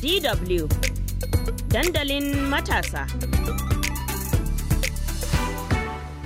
DW dandalin matasa.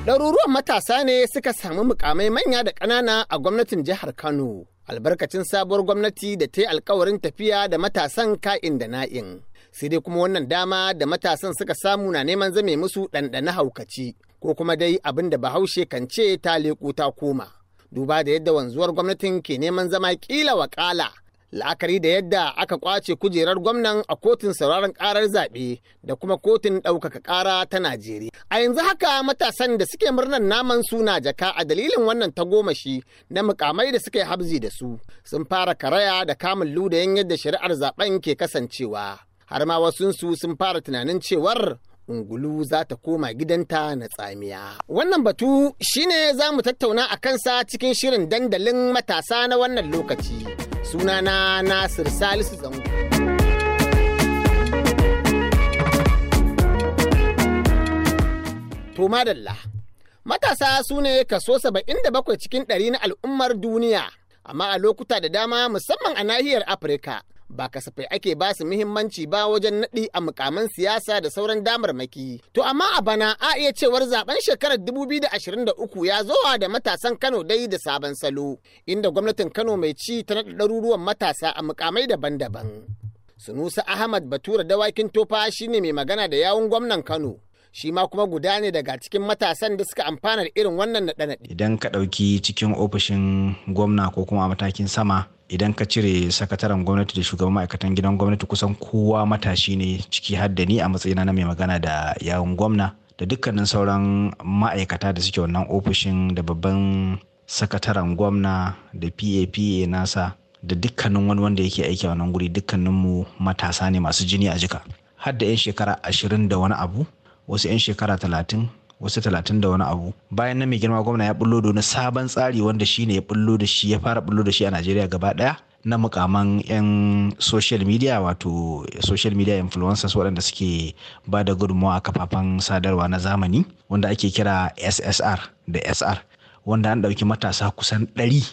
Ɗaruruwan matasa ne suka samu mukamai manya da ƙanana a gwamnatin jihar Kano. Albarkacin sabuwar gwamnati da ta yi alkawarin tafiya da matasan ka'in da na'in. Sai dai kuma wannan dama da matasan suka samu na neman zame musu ɗanɗana haukaci, ko kuma dai abin da bahaushe kan ce ta leƙo ta koma. Duba da yadda wanzuwar gwamnatin ke neman zama ƙila wakala. la'akari da yadda aka kwace kujerar gwamnan a kotun sauraron karar zaɓe da kuma kotun ɗaukaka ƙara ta Najeriya. A yanzu haka matasan da suke murnar naman suna jaka a dalilin wannan tagomashi na mukamai da suke habzi da su sun fara karaya da kamun ludayen yadda shari'ar zaben ke kasancewa. Har ma su sun fara tunanin cewar ungulu za ta koma gidanta na tsamiya. Wannan batu shine za mu tattauna a kansa cikin shirin dandalin matasa na wannan lokaci. sunana nasir salisu zango to madalla matasa su ne kaso 77 cikin ɗari na al'ummar duniya amma a lokuta da dama musamman a nahiyar afirka ba kasafai ake ba su muhimmanci ba wajen naɗi a mukamin siyasa da sauran damarmaki. To amma a bana a iya cewar zaben shekarar 2023 ya zowa da matasan Kano dai da sabon salo, inda gwamnatin Kano mai ci ta naɗa ɗaruruwan matasa a mukamai daban-daban. Sunusa Ahmad Batura dawakin tofa shine mai magana da yawun gwamnan Kano. shi ma kuma guda ne daga cikin matasan da suka amfana da irin wannan naɗe-naɗe. Idan ka ɗauki cikin ofishin gwamna ko kuma matakin sama idan ka cire sakataren gwamnati da shugaban ma'aikatan gidan gwamnati kusan kowa matashi ne ciki har da ni a matsayina na mai magana da yawun gwamna da dukkanin sauran ma'aikata da suke wannan ofishin da babban sakataren gwamna da papa nasa da dukkanin wani wanda yake aiki a wannan guri dukkaninmu matasa ne masu jini a jika har da 'yan shekara ashirin da wani abu wasu 'yan shekara talatin wasu talatin da wani abu bayan nan mai girma gwamna ya bullo da wani sabon tsari wanda shi ne ya bullo da shi ya fara bullo da shi a najeriya gaba daya na mukaman 'yan social media wato social media influencers waɗanda suke ba da gudunmawa a kafafen sadarwa na zamani wanda ake kira ssr da sr wanda an ɗauki matasa kusan ɗari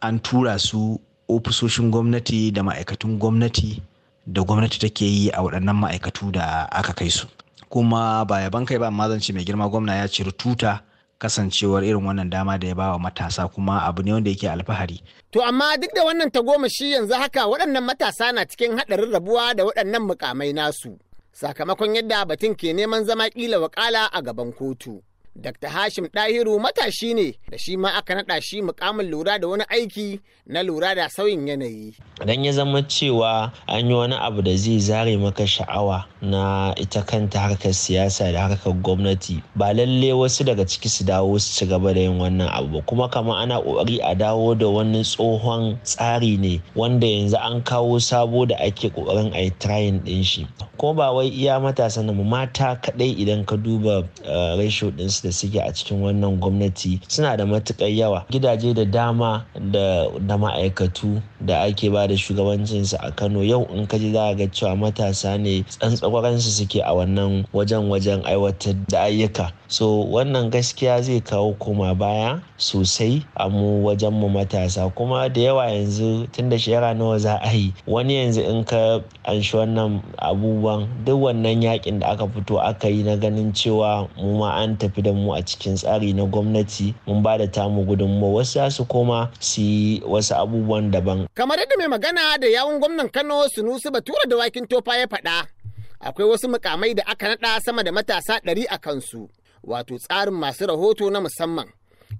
an tura su ofisoshin gwamnati da ma'aikatun gwamnati da gwamnati take yi a waɗannan ma'aikatu da aka kai su kuma ba yaban kai ba amma zan ce mai girma gwamna ya ciri tuta kasancewar irin wannan dama da ya ba wa matasa kuma abu ne wanda yake alfahari. To amma duk da wannan shi yanzu haka waɗannan matasa na cikin haɗarin rabuwa da waɗannan mukamai nasu. Sakamakon yadda batun ke neman zama ƙila wakala a gaban kotu. Dr. Hashim Dahiru matashi ne da shi ma aka naɗa shi mukamin lura da wani aiki na lura da sauyin yanayi. Dan ya zama cewa an yi wani abu da zai zare maka sha'awa na ita kanta harkar siyasa da harkar gwamnati ba lalle wasu daga ciki su dawo su ci gaba da yin wannan abu ba kuma kamar ana kokari a dawo da wani tsohon tsari ne wanda yanzu an kawo sabo da ake kokarin a yi trying din shi ko ba wai iya matasa na mata kadai idan ka duba eh, ratio ɗinsu da suke a cikin wannan gwamnati suna da matukar yawa gidaje da dama da ma'aikatu da ake ba da shugabancinsu a kano yau in ka ji za ga cewa matasa ne tsantsakwaransu suke a wannan wajen wajen aiwatar da ayyuka so wannan gaskiya zai kawo koma baya sosai a mu wajen mu matasa kuma da yawa yanzu tun da shekara nawa za a yi wani yanzu in ka anshi wannan abubuwa ruwan duk wannan yakin da aka fito aka yi na ganin cewa mu ma an tafi da mu a cikin tsari na gwamnati mun ba da tamu gudunmu wasu za su koma su yi wasu abubuwan daban. Kamar yadda mai magana da yawun gwamnan Kano su ba Batura da Wakin Tofa ya faɗa. Akwai wasu mukamai da aka naɗa sama da matasa ɗari a kansu, wato tsarin masu rahoto na musamman.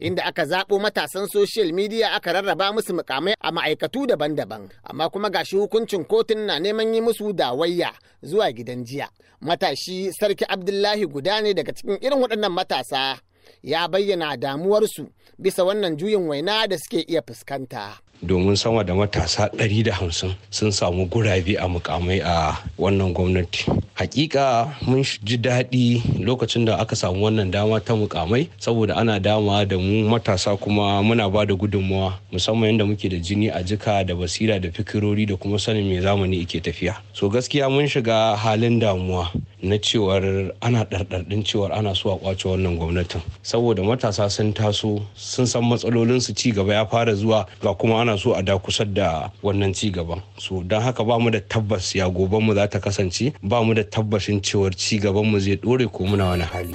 inda aka zaɓo matasan social media aka rarraba musu mukamai a ma'aikatu daban-daban amma kuma gashi hukuncin kotun na neman yi musu dawayya zuwa gidan jiya matashi sarki abdullahi guda ne daga cikin irin waɗannan matasa ya bayyana damuwarsu bisa wannan juyin waina da suke iya fuskanta domin sama da matasa ɗari da hamsin sun samu gurabe a mukamai a wannan gwamnati hakika mun ji daɗi lokacin da aka samu wannan dama ta mukamai saboda ana dama da mu matasa kuma muna ba da gudunmawa musamman yadda muke da jini a jika da basira da fikirori da kuma sanin mai zamani ke tafiya so gaskiya mun shiga halin damuwa na cewar ana ɗarɗarɗin cewar ana so a kwace wannan gwamnatin saboda matasa sun taso sun san matsalolin su ci gaba ya fara zuwa ga kuma ana so a dakusar da wannan ci gaban so don haka ba mu da tabbas ya goben mu za ta kasance ba mu da tabbashin cewar ci gaban mu zai ɗore ko muna wani hali.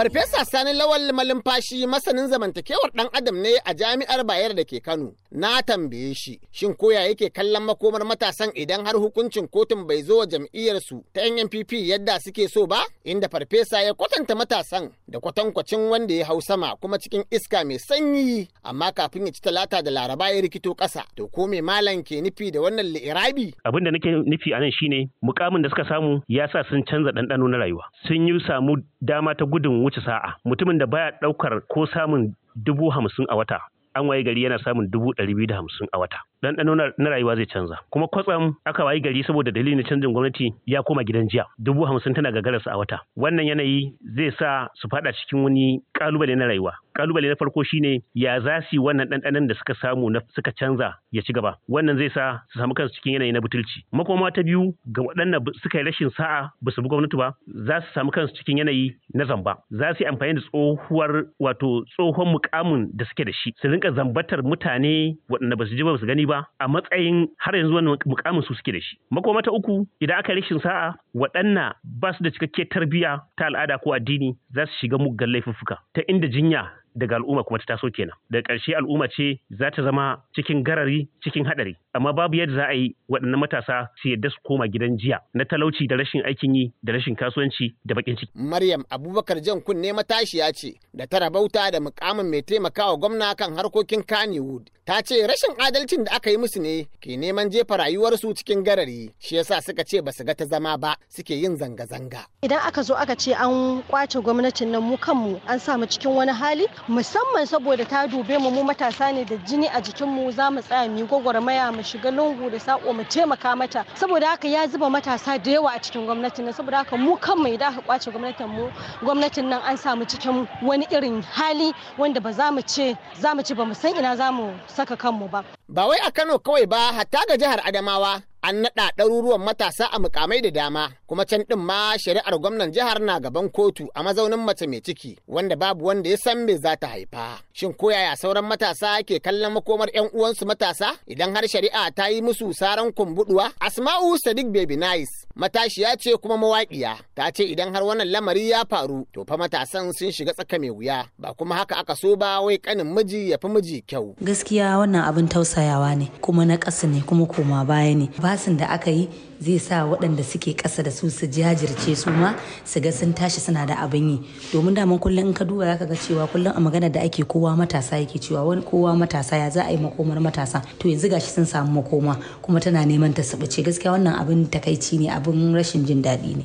Farfesa Sani Lawal Malumfashi masanin zamantakewar ɗan adam ne a jami'ar Bayero da ke Kano. Na tambaye shi, shin koya yake kallon makomar matasan idan har hukuncin kotun bai zo wa jam'iyyar su ta NNPP yadda suke so ba? Inda farfesa ya kwatanta matasan da kwatankwacin wanda ya hau sama kuma cikin iska mai sanyi amma kafin ya ci talata da laraba ya rikito kasa To ko me malam ke nufi da wannan li'irabi? Abin da nake nufi a nan shine mukamin da suka samu ya sa sun canza ɗanɗano na rayuwa. Sun yi samu dama ta gudun wuce sa'a mutumin da baya ɗaukar ko samun dubu hamsin a wata an waye gari yana samun dubu ɗari biyu da hamsin a wata ɗanɗano na rayuwa zai canza kuma kwatsam aka wayi gari saboda dalilin canjin gwamnati ya koma gidan jiya dubu hamsin tana ga gagararsa a wata wannan yanayi zai sa su fada cikin wani kalubale na rayuwa kalubale na farko shine ya za su wannan ɗanɗanon da suka samu na suka canza ya ci gaba wannan zai sa su samu kansu cikin yanayi na butulci makoma ta biyu ga waɗanda suka yi rashin sa'a ba su bi gwamnati ba za su samu kansu cikin yanayi na zamba za su yi amfani da tsohuwar wato tsohon mukamin da suke da shi su rinka zambatar mutane waɗanda ba su ji ba su gani ba a matsayin har yanzu wannan mukamin su suke da shi makoma ta uku idan aka rashin sa'a waɗanna ba su da cikakkiyar tarbiyya ta al'ada ko addini za su shiga muggan laifuffuka ta inda jinya daga al'umma kuma ta taso kenan daga ƙarshe al'umma ce za ta zama cikin garari cikin haɗari amma babu yadda za a yi waɗannan matasa su yadda su koma gidan jiya na talauci da rashin aikin yi da rashin kasuwanci da baƙin ciki. Maryam Abubakar Jan kunne matashiya ce da tara bauta da mukamin mai taimakawa gwamna kan harkokin Kannywood. Ta ce rashin adalcin da aka yi musu ne ke neman jefa rayuwarsu cikin garari shi yasa suka ce ba su ga ta zama ba suke yin zanga-zanga. Idan aka zo aka ce an kwace gwamnatin nan mu kanmu an samu cikin wani hali musamman saboda ta dube mu mu matasa ne da jini a jikinmu za mu tsaya mu yi gwagwarmaya mu shiga lungu da sako mu taimaka mata saboda haka ya zuba matasa da yawa a cikin gwamnatin nan saboda haka mu kanmu idan aka kwace gwamnatin mu gwamnatin nan an samu cikin wani irin hali wanda ba za mu ce za mu ci ba mu san ina za mu saka kanmu ba Ba wai a Kano kawai ba hatta ga jihar Adamawa an naɗa ɗaruruwan matasa a mukamai da dama kuma can ɗin ma shari'ar gwamnan jihar na gaban kotu a mazaunin mace mai ciki wanda babu wanda ya san me za ta haifa shin ko yaya sauran matasa ke kallon makomar yan uwansu matasa idan har shari'a ta yi musu saran kumbuduwa asma'u sadiq baby nice matashiya ce kuma mawaƙiya ta ce idan har wannan lamari ya faru to fa matasan sun shiga tsaka mai wuya ba kuma haka aka so ba wai kanin miji ya fi miji kyau gaskiya wannan abin tausa tsayawa ne kuma na ƙasa ne kuma koma baya ne basin da aka yi zai sa waɗanda suke ƙasa da su su jajirce su ma su ga sun tashi suna da abin yi domin daman kullum in ka duba zaka ga cewa kullum a magana da ake kowa matasa yake cewa wani kowa matasa ya za a yi makomar matasa to yanzu gashi sun samu makoma kuma tana neman ta subuce gaskiya wannan abin takaici ne abin rashin jin daɗi ne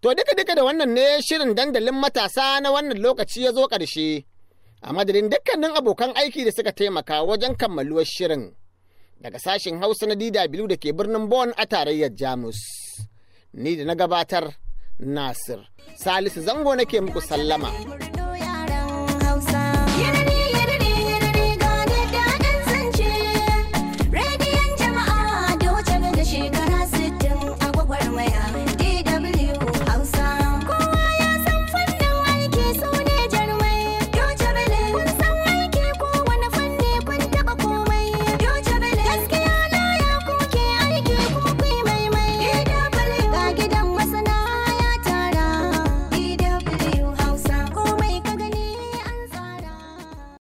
to duka duka da wannan ne shirin dandalin matasa na wannan lokaci ya zo ƙarshe a madadin dukkanin abokan aiki da suka taimaka wajen kammaluwar shirin daga sashen hausa na dida DW da ke birnin Bon a tarayyar Jamus. Ni da na gabatar Nasir, Salisu zango nake muku sallama.